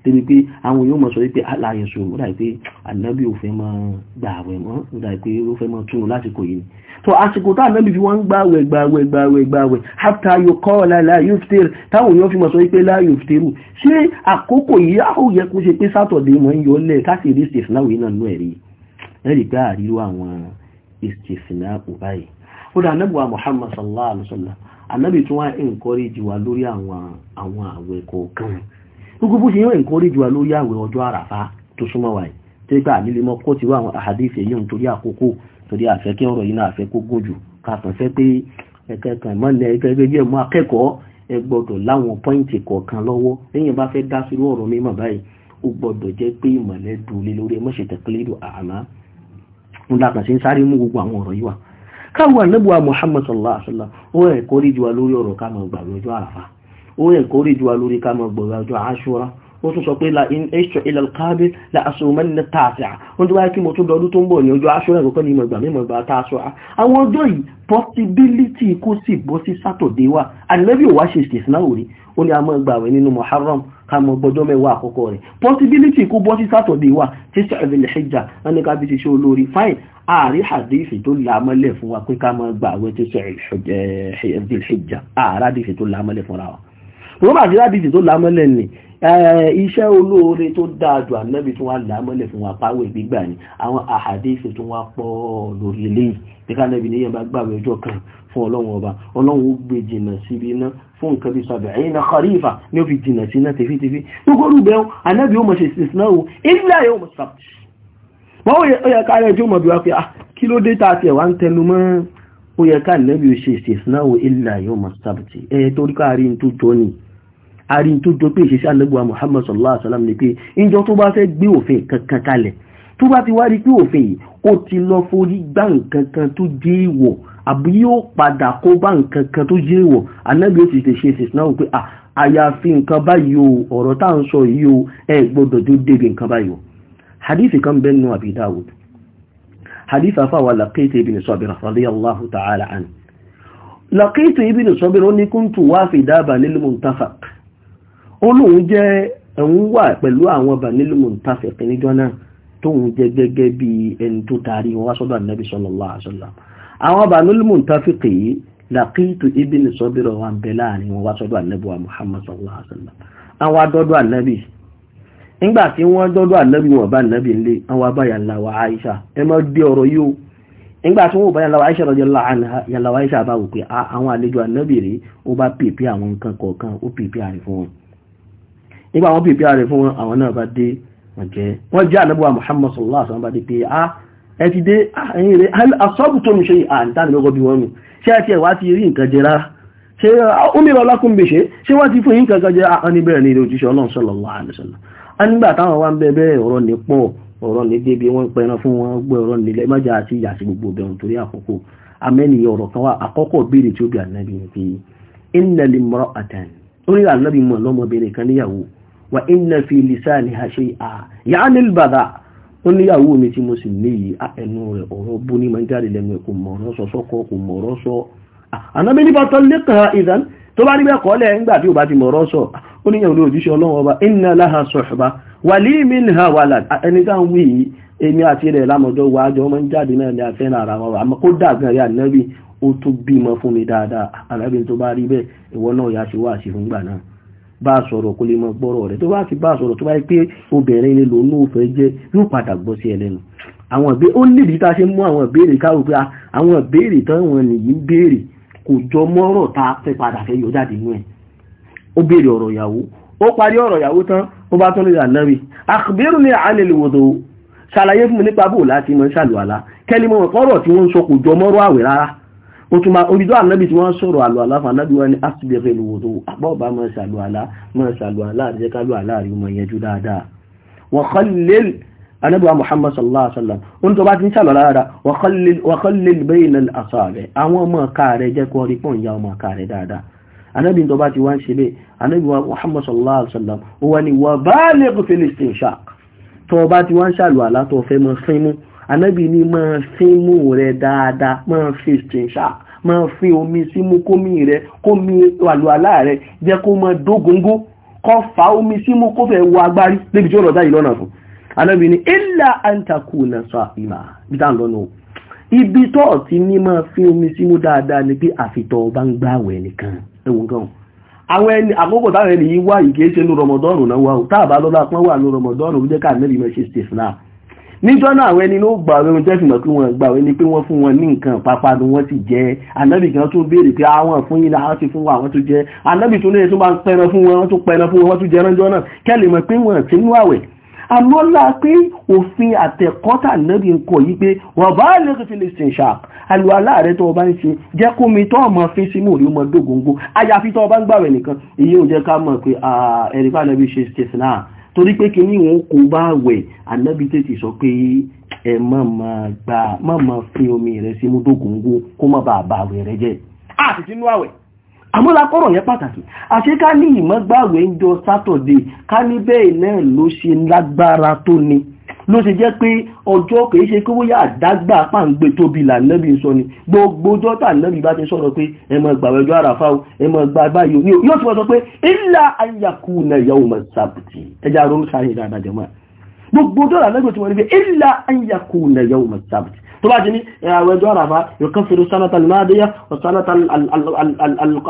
débi pé àwọn èèyàn mọ̀ sọ wípé ah, láàyè sọ ó dáìpé ànábí ò fẹ́ mọ́ gbàwẹ̀ mọ́ ó dáìpé ó fẹ́ mọ́ túnú lásìkò yìí tó àsìkò tá ànábí fi wọ́n gbàwẹ̀ gbàwẹ̀ gbàwẹ̀ gbàwẹ̀ hátà yóò kọ́ láàyò fìtèrè táwọn èèyàn fi mọ̀ sọ wípé láàyò fìtèrè ṣé àkókò yìí á ó yẹ kó ṣe pé sátọ̀dé mọ̀ ń yọ lẹ̀ káṣíìrí ṣèṣin láwòye náà ìsìtìfìnà òbáyìí kódà anábùwà Muhammad sallallahu alaihi wasallam anábì tún wá encourage wa lórí àwọn àwọn àwẹ̀ kọ̀ọ̀kan gbogbo bó ṣe yẹn encourage wa lórí àwẹ̀ ọjọ́ àràfá tó súnmọ́ wa yìí tí gbà nílé mọ́ kó ti wá àwọn àhàdífì èyí ń torí àkókò torí àfẹ́ kí ọ̀rọ̀ yìí náà àfẹ́ kó gùn jù kàtàn fẹ́ pé ẹ̀kẹ́kàn mọ́lẹ̀ ẹgbẹ́gbẹ́ mọ́ akẹ́kọ̀ọ́ ẹ gbọ́dọ̀ láwọn pọ́ìntì kọ̀ọ̀kan lọ́wọ́ lẹ́yìn bá fẹ́ dá sírú ọ̀rọ̀ mímọ̀ báyìí ó gbọ́dọ̀ jẹ́ pé ìmọ̀lẹ́ dùn lórí ẹ àmá ń la kàn sí ń sáré mú gbogbo àwọn ọ̀rọ̀ yìí wá káwọn anábùwà Muhammad sallallahu alaihi wasallam ó encourage wa lórí ọ̀rọ̀ ká máa gbàgbé ọjọ́ àràfà ó encourage wa lórí ká máa gbàgbé ọjọ́ àṣúra ó tún sọ pé la la aṣọ́mọ́ni ní tààtà wọ́n tó wáyé kí mo tún lọ́dún tó ń bọ̀ ní ọjọ́ aṣọ́rẹ́ possibility kó sì bọ́ sí sátọ̀dé wa ànílẹ́bí ò wá ṣe ìṣẹ̀sìn náà rí ká mọ gbọjọ́ mẹ́wàá àkọ́kọ́ rẹ̀ possibility kó bọ́ sí sátọ̀dé wà tí sẹ́ẹ̀bìlì hijja wọn ni ká bí ti ṣe olórí fine ààrí hadithi tó lámọ́lẹ̀ fún wa pé ká mọ gbà wẹ́ tí sẹ́ẹ̀bìlì hijja ààrá hadithi tó lámọ́lẹ̀ fúnra wa rọ́bà tí hadithi tó lámọ́lẹ̀ ni eh, iṣẹ́ olóore tó dáa jù ànábì tó wá lámọ́lẹ̀ fún wa páwẹ̀ gbígbà ni àwọn àhàdíìsì tó wá pọ̀ lórí eléyìí bí ká nábì níyẹn bá gbàwẹ̀ ọjọ́ kan fún ọlọ́run ọba ọlọ́run ó gbé jìnnà síbi náà fún nǹkan bí sab'ina kharifa ní ó fi jìnà sí náà tẹ̀fítẹ̀fí gbogbo rúbẹ̀ anábì ó mọ̀ ṣe ìsiná o ilá yóò mọ̀ sábà wọ́n ó yẹ ká rẹ̀ tí ó mọ̀ bí wá pé ah kí ló dé ta tiẹ̀ wá ń tẹnu mọ́ ó yẹ ká nẹ́bí ó ṣe ìsiná o ilá yóò mọ̀ sábà ẹ̀ torí ká rí tó bá ti wá rí pé òfin yìí ó ti lọ forí gbá nǹkan kan tó jẹ́ ìwọ̀ àbí yóò padà kó bá nǹkan kan tó jẹ́ ìwọ̀ anábì ó ti lè ṣe ìsìn náà pé àyàfi nǹkan báyìí o ọ̀rọ̀ tá à ń sọ yìí o ẹ gbọ́dọ̀ tó débi nǹkan báyìí o hadith kan bẹ́ẹ̀ nù Abi Dawud hadith afáwa Laqit ibn Sabir radiyallahu ta'ala anhu Laqit ibn Sabir ó ní kuntu wafida Banil Muntafaq ó lóun jẹ́ ẹ̀hún wà pẹ̀lú àwọn Banil Muntafaq níjọ́ náà tóun jẹ́ gẹ́gẹ́ bí ẹni tó taari wọn wá sọ́dọ̀ ànábì sallallahu alaihi wasallam àwọn Banul Muntafiqi yìí laqitu ibn Sabira wà ń bẹ láàrin wọn wá sọ́dọ̀ ànábì wa Muhammad sallallahu alaihi wasallam àwọn adọ́dọ̀ ànábì nígbà tí wọ́n dọ́dọ̀ ànábì wọn bá ànábì ńlẹ̀ àwọn abáyà làwà Aisha ẹ mọ́ dé ọ̀rọ̀ yìí o nígbà tí wọ́n bá yàlàwà Aisha radiyallahu anha yàlàwà Aisha bá wò pé àwọn pèpè àwọn fún wọn àwọn náà bá dé wọ́n jẹ́ ànábọ̀wà Muhammad sallallahu alaihi wasallam pé a ah, ẹ ti dé ah, ẹ̀yìn rẹ̀ asọ́bùtún ṣe àǹtàlẹ́gọ́ bí wọ́n mi ṣe àti ẹ̀wà ti rí nǹkan jẹ rárá ṣe omíra ọlákùnbè ṣe ṣe wá ti fún yínkan kan jẹ́ ah, àníbẹ̀rẹ̀ ní ilé òjíṣẹ́ ọlọ́run sallallahu alaihi wasallam anígbà táwọn wá ń bẹ̀bẹ̀ ọ̀rọ̀ ní pọ̀ ọ̀rọ̀ ní débi wọ́n pẹran fún wọn gbọ́ ọ̀rọ̀ nílẹ̀ májá àti ìyà wà iná fi lisaniha shay'a ya'ni al-badha ó níyàwó mi tí mo sì léyìí ẹnu rẹ̀ ọ̀rọ̀ bú ní máa ń jáde lẹ́nu kò mọ̀ọ́rọ́ sọ sọ́kọ kò mọ̀ọ́rọ́ sọ ànábì nípa tó lẹ́kàn ìdán tó bá níbẹ̀ kọ́lẹ̀ ńgbà tí ò bá ti mọ̀ọ́rọ́ sọ ó níyàwó ló ojúṣe ọlọ́run ọba inna laha suhba wa li minha walad ẹni táwọn wí yìí èmi àti ilẹ̀ lámọ̀jọ́ wa jọ máa ń jáde náà ní ara wa àmọ́ kó dàgbà rí ànábì ó tún bímọ fún mi dáadáa ànábì tó bá rí bẹ́ẹ̀ ìwọ náà yà ṣe wá àṣìfúngbà náà bá sọ̀rọ̀ kó lè mọ gbọ́rọ̀ rẹ̀ tó bá ti bá sọ̀rọ̀ tó bá pé obìnrin lè lòun náà fẹ́ jẹ́ yóò padà gbọ́ sí ẹlẹ́nu àwọn ìbéèrè ó nídìí tá a ṣe mú àwọn ìbéèrè káwò pé ah, àwọn ìbéèrè táwọn nìyí ń béèrè kò jọ mọ́rọ̀ tá a fẹ́ padà fẹ́ yọ jáde inú ẹ̀ ó béèrè ọ̀rọ̀ ìyàwó ó parí ọ̀rọ̀ ìyàwó tán ó bá tún lè rà náà rí àkùbérù ní àánilèwòdò ṣàlàyé fún mi nípa bò láti mọ ṣàlùwàlá kẹ́lí mọ̀ ọ̀rọ̀ tí wọ́n ń sọ kò jọ mọ́rọ̀ àwẹ̀ rárá ó tún máa orí tó ànábì tí wọ́n sọ̀rọ̀ àlùàlá fún ànábì wọn ni asibẹ̀rẹ̀ lòwòdó àpọ̀ọ̀bá mọ́ ṣàlùàlá mọ́ ṣàlùàlá àti jẹ́kálùàlá rí mọ̀ yẹn jú dáadáa wọ́n kọ́lẹ̀ ànábì wa muhammad sallallahu alaihi wasallam oun tó bá ti ń ṣàlùàlá rárá wọ́n kọ́lẹ̀ bẹ́yìn náà àṣọ rẹ̀ àwọn ọmọ ọ̀ka rẹ̀ jẹ́ kó rí pọ̀n ya ọmọ ọ̀ka rẹ̀ dáadáa ànábì tó bá ti wá ń ṣe bẹ́ẹ̀ muhammad sallallahu alaihi wasallam ó wà ní wà bá lè kó fi ti wá ń ṣàlùàlá tó fẹ́ mọ́ fín mú anábì ní máa símú rẹ dáadáa máa fi ṣìṣà máa fi omi símú kómi rẹ kómi àlùalá rẹ jẹ́ kó máa dógóńgó kó fa omi símú kó fẹ́ wọ agbárí débi tí ó lọ dá yìí lọ́nà fún anábì ní ilà antakuna sọ ìmà bí táwọn lọ́nà o ibi tó ti ní máa fi omi símú dáadáa ni pé àfitọ́ bá ń gbààwẹ̀ nìkan ẹ̀wọ̀n gan àwọn ẹni àkókò táwọn ẹni yìí wá ìkéṣe ní rọmọdọ́rùn náà wá o táàbá lọ́lá pọ́n wà ní rọmọdọ́rùn jẹ́ ká nẹ́bí mọ́ ṣe náà níjọ́ náà àwọn ẹni ló gbà ọ̀rẹ́ oúnjẹ fìmọ̀ pé wọ́n gbà ọ̀rẹ́ ni pé wọ́n fún wọn ní nǹkan pàpàdé wọ́n sì jẹ́ anábì kan tún béèrè pé àwọn ah, fún yín làwọn ti fún wa àwọn tó jẹ́ anábì tó léyìn tó bá ń pẹran fún wọn tó pẹran fún wọn wọ́n tún jẹ́ ránjọ́ náà kẹ́lẹ̀ mọ̀ pé wọ́n ti nú àwẹ̀ àmọ́ là pé òfin àtẹ̀kọ́tà nábì ń kọ yí pé wọ́n bá lè fi lè sìn ṣáà àlùwà láàrẹ tó ọba ń ṣe jẹ́ kó mi tó ọmọ fi sí mòrí ọmọ dógóńgó àyàfi tó ọba ń gbàwẹ̀ nìkan èyí ò jẹ́ ká mọ̀ pé ah, ẹ̀rí pàdánù bí ṣe ṣe sí torí pé kíní wọn kò bá wẹ̀ ànábì tètè sọ pé ẹ má máa gbà má máa fi omi rẹ̀ sí mú dógóńgó kó má bàa bà àwẹ̀ rẹ̀ jẹ́ àti sínú àwẹ̀ àmúlakọ́rọ̀ yẹn pàtàkì àṣé ká ní ìmọ̀gbàwẹ̀ ń jọ sátọ̀dé ká ní bẹ́ẹ̀ náà ló ṣe lágbára tó ni ló ṣe jẹ́ pé ọjọ́ kìí ṣe kí wóyà àdágbà pàǹgbé tóbi lànàbí sọ ni gbogbo ọjọ́ tà nàbí bá ti sọ̀rọ̀ pé ẹ máa gbààwẹ̀ ọjọ́ àràfà o ẹ máa gba báyìí o yóò ti wọ́n sọ pé ilà ayakú na yawma sábùtì ẹja ronú sáyé dáadáa jẹ mọ́ gbogbo ọjọ́ lànàbí ti wọ́n ní pé ilà ayakú na yawma sábùtì tó bá ti ní àwọn ẹjọ́ àràfà yóò kán fèrè sanata almadiya wa sanata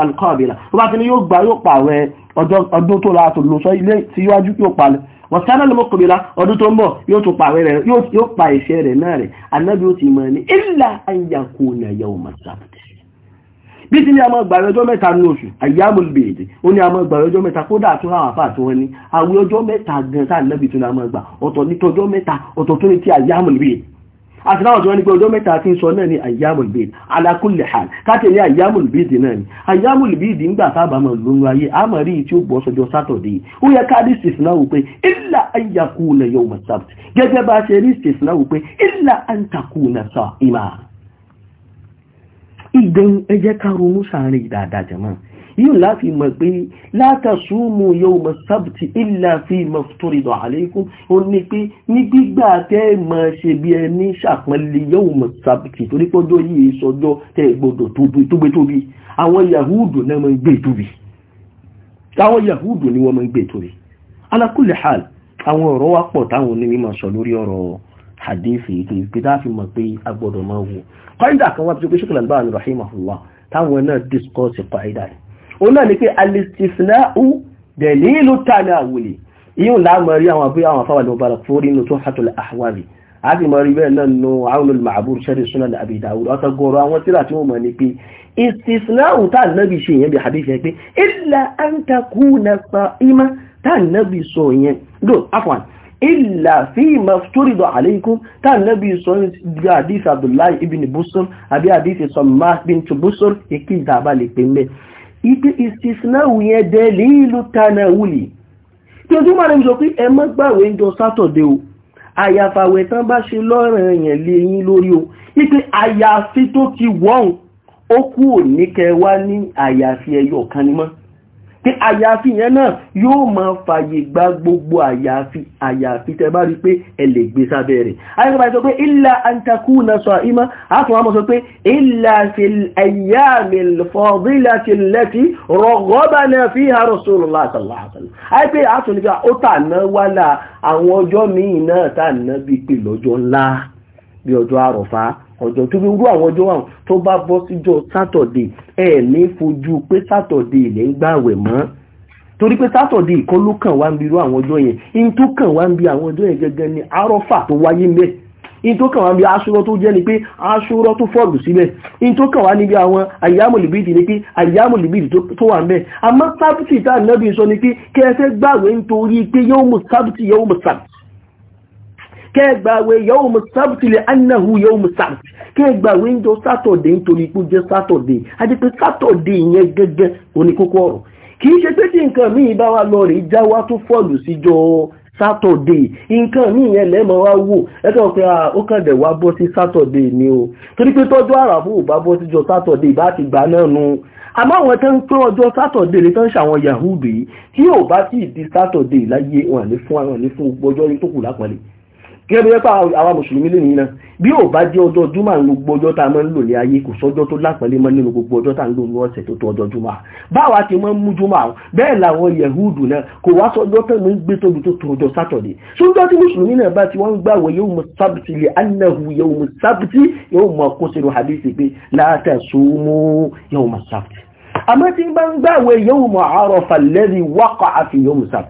alqabila tó bá ti ní yóò gbà yóò pa àwọn ọdún tó lọ́wọ́ àtòlùsọ ilé síwájú yóò palẹ̀ wọ̀sánà ló mọ́kànlá ọdún tó ń bọ̀ yóò tún pa rẹ̀ yóò pa ìṣẹ́ rẹ̀ náà rẹ̀ anábì ó ti mọ̀ ní ilà ayàkó ní ẹ̀yà ọmọ sábàtì bí ti ní a máa gbàrẹ̀ ọjọ́ mẹ́ta ní oṣù àyàmùl bèèdè ó ní a máa gbàrẹ̀ ọjọ́ mẹ́ta kódà tún àwọn àfà àti láwọn tí wọ́n ní pé ọjọ́ mẹ́ta tí ń sọ náà ni ayyamul bid ala kulli hal káàkiri ní ayyamul bid náà ni ayyamul bid ńgbà sábà mọ̀ lónú ayé àmọ́ rí tí ó bọ́ sọjọ́ sátọ̀dé ó yẹ ká rí stis náà wò pé illa an yakuna yawma sabt gẹ́gẹ́ bá ṣe rí stis náà wò pé illa an takuna sa'ima ìdán ẹjẹ́ ká ronú sáàrin ìdáadáa jẹ̀mọ́ yíò láti mọ̀ pé látàṣúmù yóò mọ̀ sábtì ìlà fi maftorido alaykum ó ní pé ní gbígbà tẹ́ mọ̀ ṣe bí ẹni ṣàpọ́nlé yóò mọ̀ sábtì torí pọ́jọ́ yìí sọjọ́ tẹ́ gbọdọ̀ tó gbé tóbi àwọn yahudu náà mọ̀ ń gbé tóbi àwọn yahudu ni wọ́n mọ̀ gbé tóbi ala kulli àwọn ọ̀rọ̀ wá pọ̀ táwọn onímọ̀ sọ lórí ọ̀rọ̀ hadithi ètò tó ṣe pé táwọn náà discourse kọ́ òun náà ni pé alistisna'u dalilu tanawuli yíò láàmọ̀ rí àwọn àbúyà àwọn afáwàdì ọba fórí inú tuhfatul ahwazi a ti mọ̀ rí bẹ́ẹ̀ náà nù aunul ma'abur sharri sunan abi dawud ọ̀tọ̀ gọ̀rọ̀ àwọn tíra tí wọ́n mọ̀ ní pé istisna'u tá nábi ṣe yẹn bí hadith yẹn pé illa an takuna sa'ima tá nábi sọ yẹn do afwan illa fi mafturidu alaykum tá nábi sọ yẹn bí hadith abdullahi ibn busr àbí hadith sammas bin tubusr ìkí ìdàbà lè pè mẹ́ ipe istisnáwù yẹn dẹ̀lì ìlú tanawuli tí ojú mọ̀ lẹ́mí sọ pé ẹ má gbàwẹ̀ ń jọ sátọ̀dẹ̀ o àyàfàwẹ̀ tán bá ṣe lọ́rọ̀ èèyàn lé yín lórí o ipe àyàfi tó ti wọ́n ó kú ò ní kẹwa ní àyàfi ẹyọ kan ni mọ́ pé àyàfi yẹn náà yóò máa fàyè gba gbogbo àyàfi àyàfi tẹ bá rí pé ẹ lè gbé sábẹ́ rẹ̀ ayẹ́kọ̀ọ́ sọ pé illa an takuna sa'ima àtúnwà mọ́ sọ pé illa fil ayyamil fadilati allati raghhabana fiha rasulullah sallallahu alaihi wasallam àyẹ́pẹ́ àtúnigà ó tàná wálà àwọn ọjọ́ míì ọjọ́ tó fi rú àwọn ọjọ́ àwọn tó bá bọ́ síjọ́ sátọ̀dé ẹ̀ ní fojú pé sátọ̀dé ilẹ̀ ń gbààwẹ̀ mọ́ torí pé sátọ̀dé ìkọ́ ló kàn wá ń bi irú àwọn ọjọ́ yẹn in tó kàn wá ń bi àwọn ọjọ́ yẹn gẹ́gẹ́ ni arọ́fà tó wáyé mẹ́ in tó kàn wá ń bi aṣọ́rọ́ tó jẹ́ ni pé aṣọ́rọ́ tó fọ́ọ̀lù síbẹ̀ in tó kàn wá níbi àwọn àyámùlìbìdì ni pé àyámùlìbìdì tó wà mẹ́ àmọ́ sábìtì tá ànábì sọ ni pé kẹfẹ́ gbàwé nítorí pé yóò mú sábìtì yóò mú sábìtì kẹgbàwé yóò mú sábùtì lè anahu yóò mú sábùtì kẹgbàwé ń jọ sátọ̀dé nítorí pé ó jẹ́ sátọ̀dé àti pé sátọ̀dé yẹn gẹ́gẹ́ oníkókó ọ̀rọ̀ kì í ṣe pé tí nǹkan míì bá wa lọ rèé já wa tó fọ́ọ̀lù síjọ sátọ̀dé nǹkan míì yẹn lẹ́mọ̀ wá wò ẹ̀kọ́ pé ó kàn dẹ̀ wá bọ́ sí sátọ̀dé ni o torí pé tọ́jú àràfò ò bá bọ́ síjọ sátọ̀dé ìbá ti gbà náà nu àmọ́ àwọn tó ń pé ọjọ́ sátọ̀dé lè tán ṣàwọn yahudu yìí tí ò bá tí ì di sátọ̀dé láyé wọn ní fún ọjọ́ tó kù lápọ̀lẹ̀ gẹ́gẹ́ bí wẹ́pà àwọn mùsùlùmí lè nìyàn bí ò bá jẹ́ ọjọ́ júmà ní gbogbo ọjọ́ tá a máa ń lò ní ayé kò sọ́jọ́ tó lápẹ̀lẹ́ mọ́ nínú gbogbo ọjọ́ tá a ń lò ní ọ̀sẹ̀ tó tó ọjọ́ júmà báwa ti máa ń mú júmà bẹ́ẹ̀ làwọn yẹ̀húdù náà kò wá sọ́jọ́ tó ń gbé tóbi tó tó ọjọ́ sátọ̀dé sójọ́ tí mùsùlùmí náà bá ti wọ́n gbà wọ yóò mú sábìtì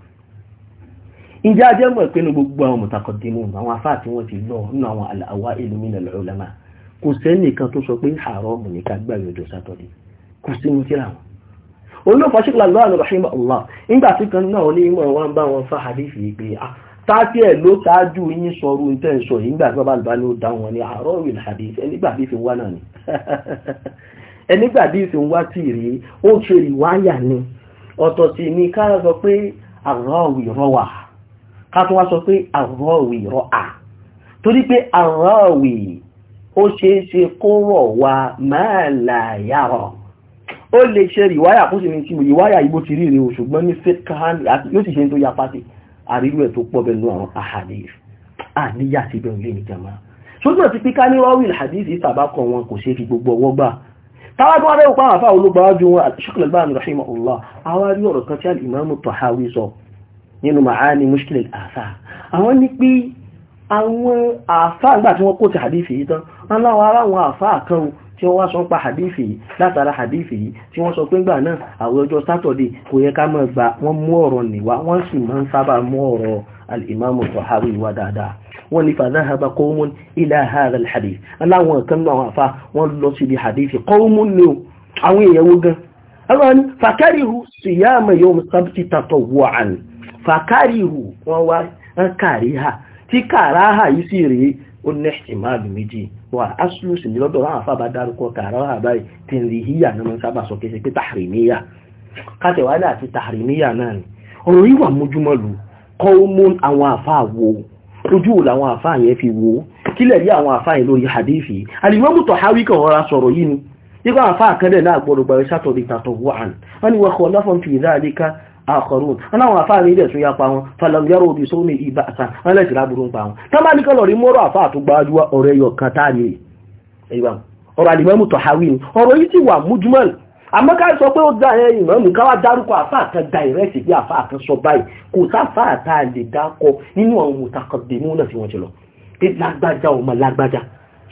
ìjẹ́ ajẹ́ mọ̀ pé ní gbogbo àwọn mùtàkọ̀dìmù àwọn afá tí wọ́n ti lọ nínú àwọn àwá ìlú mi nílẹ̀ ọ̀lẹ́mà kò sẹ́nìkan tó sọ pé haramu ní ká gbàgbé ọjọ́ sátọ́dẹ̀ kò sí ní tíra wọn olóòfà ṣíkìlá lọ́wọ́ rahim allah nígbà tí kan náà ah, ní ìmọ̀ wọn àrọ̀ ká tó wá sọ pé àrọ́wì rọ́ à torí pé àrọ́wì ó ṣeé ṣe kó rọ̀ wá máa làyàrọ̀ ó lè ṣe rìwáyà kó sì ní tí mo rìwáyà yìí bó ti rí rèé ṣùgbọ́n ní fẹ́kàn yóò sì ṣe tó yapa sí àrírú ẹ̀ tó pọ̀ bẹ̀rù àwọn àhàdé àníyà sí bẹ̀rù lè ní jama sójú ọ̀tí píká ní rọ́wìl hadithi sàbákan wọn kò ṣe fi gbogbo ọwọ́ gbà tàbí wọ́n rẹ̀ òpá àfáà olóbáwájú wọn àṣíkùnlẹ̀gbà rahimahullah awárí ọ̀rọ̀ kan tí al-imam Tahawi sọ nínú màá ní mushkilil àfà àwọn ní pé àwọn àfà àgbà tí wọ́n kó ti hadithi yìí tán aláwọ̀ ara àwọn àfà kan tí wọ́n wá sọ pa hadithi yìí látara hadithi yìí tí wọ́n sọ pé ńgbà náà àwọn ọjọ́ sátọ̀dé kò yẹ ká máa gba wọ́n mú ọ̀rọ̀ nìwá wọ́n sì máa ń sábà mú ọ̀rọ̀ al'imamu sahabi wa dáadáa wọ́n ní fàzáhàbà kọ́wọ́n ila hadha al-hadith fàkárìhù wọ́n wá kàríhà tí kàráhà yìí sì rèé ó ní ìmáàlù méjì wà áṣùlù sí ní lọ́dọ̀ láwọn afábá dárúkọ kàráhà báyìí tí ń rí híyà náà mọ́ sábà sọ kéṣe pé tàhìrìmíyà kátẹ̀wálẹ̀ àti tàhìrìmíyà náà ni ọ̀rọ̀ yìí wà mójúmọ́ lù kọ́ ó mú àwọn àfáà yẹn fi wo kílẹ̀ rí àwọn àfáà yẹn lórí hadithi alimọ́mù tọ̀háwí ọ̀rọ̀ sọ̀rọ̀ yìí ni nígbà àfáà kan náà gbọ́dọ̀ gbàgbé sátọ̀dẹ̀ wọ́n ni wọ́n kọ́ láfọ́n fi ìdá àdíká àkọrùn aláwọn àfáà ní ilẹ̀ tó yapa wọn falamjaro obi só ní ibà àtà wọn lẹ́sì láburú ń pa wọn tábàlíkọ́ lọ rí mọ́rọ̀ àfáà tó gbájú ọ̀rẹ́ yọ kan táàrí ẹ̀yìnbá ọ̀rọ̀ alìmọ́mù tọ̀háwí ni ọ̀rọ̀ yìí ti wà mújúmọ́l àmọ́ ká sọ pé ó dá ẹ ìmọ̀mù káwá dárúkọ àfáà kan da ìrẹsì pé àfáà kan sọ báyìí kò sáfáà tá a lè dákọ nínú àwọn mùtàkọ̀dé mú náà tí wọ́n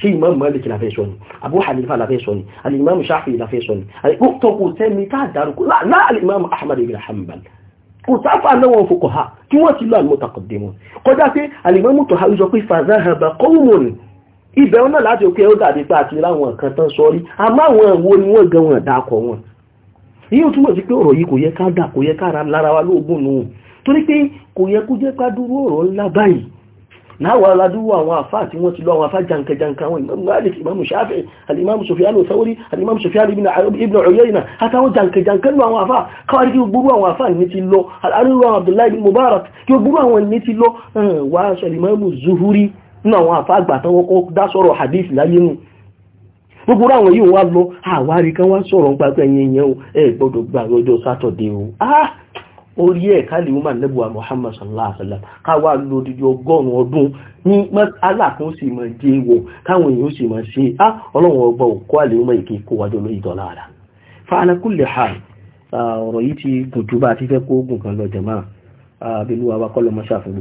ṣé ìmọ̀ mọ́lìkì láfẹ́ sọ ni Abu Hanifa láfẹ́ sọ ni alìmọ́mù Shafi láfẹ́ sọ ni àìkókò tẹ́mi tá dárúkú láàlìmọ́mù Ahmad ibn Hanbal kò sáfà lọ́wọ́ fòkọ̀ ha kí wọ́n ti lọ al-mutaqaddimun kọjá pé alìmọ́mù tó ha ń sọ pé fazahaba qawmun ibẹ̀ náà láti òkè ó dàbí pé àti láwọn kan tán sọrí àmọ́ àwọn ẹ̀wọ́ ni wọ́n gan wọn dákọ̀ wọn yíò túnmọ̀ sí pé ọ̀rọ̀ yìí kò yẹ ká dà kò yẹ ká lára wa lóògùn nù torí pé kò yẹ kó jẹ́ ká ọ̀rọ̀ ńlá báyìí náà wà ládúwò àwọn àfáà tí wọ́n ti lọ àwọn àfáà jankajanka àwọn imam malik imam shafi alimam sofiyan osaori alimam sofiyan ibn ibn uyayna àtàwọn jankajanka lọ àwọn àfáà káwàrí kí gbogbo àwọn àfáà ní ti lọ alárùwà abdullahi bin mubarak kí gbogbo àwọn ní ti lọ wà sọ imam zuhuri nínú àwọn àfáà àgbà tán wọ́n kọ́ dá sọ̀rọ̀ hadith láyé nù gbogbo àwọn yìí wọ́n lọ àwárí kan wá sọ̀rọ̀ nípa pé ẹ̀yìn ẹ̀yìn ẹ̀ gbọ́dọ̀ gbàgbọ́dọ̀ sátọ̀dẹ̀ o ah! orí ẹ̀ káàlì woman lẹ́bùwà Muhammad sallallahu alaihi wasallam káwà lódìdí ọgọ́rùn ọdún ní alákún sì mọ̀ jẹ́ wọ káwọn èèyàn sì mọ̀ sí á ọlọ́run ọgbọ́ òkú àlè woman èké kó wájú olóyìn dọ́là ara fa ala kulli hal ọ̀rọ̀ yìí ti gùn jù bá ti fẹ́ kó gùn kan lọ jẹ̀mọ́ abiluwa wa kọ́ lọ́mọ ṣàfihàn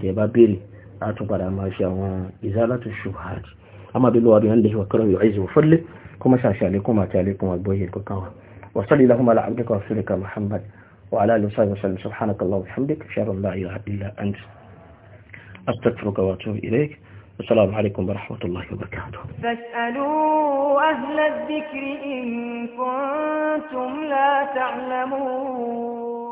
tẹ̀ bá béèrè á máa ṣe àwọn ìzálàtú ṣùgbọ́n أما بالله بمنه وكرمه يعز وفضله كما شاشا لكم وتاليكم والبوهي الكوكاوة وصل لهم على عبدك ورسولك محمد وعلى آله وصحبه وسلم سبحانك الله وبحمدك أشهد أن لا إله إلا أنت أستغفرك وأتوب إليك السلام عليكم ورحمة الله وبركاته فاسألوا أهل الذكر إن كنتم لا تعلمون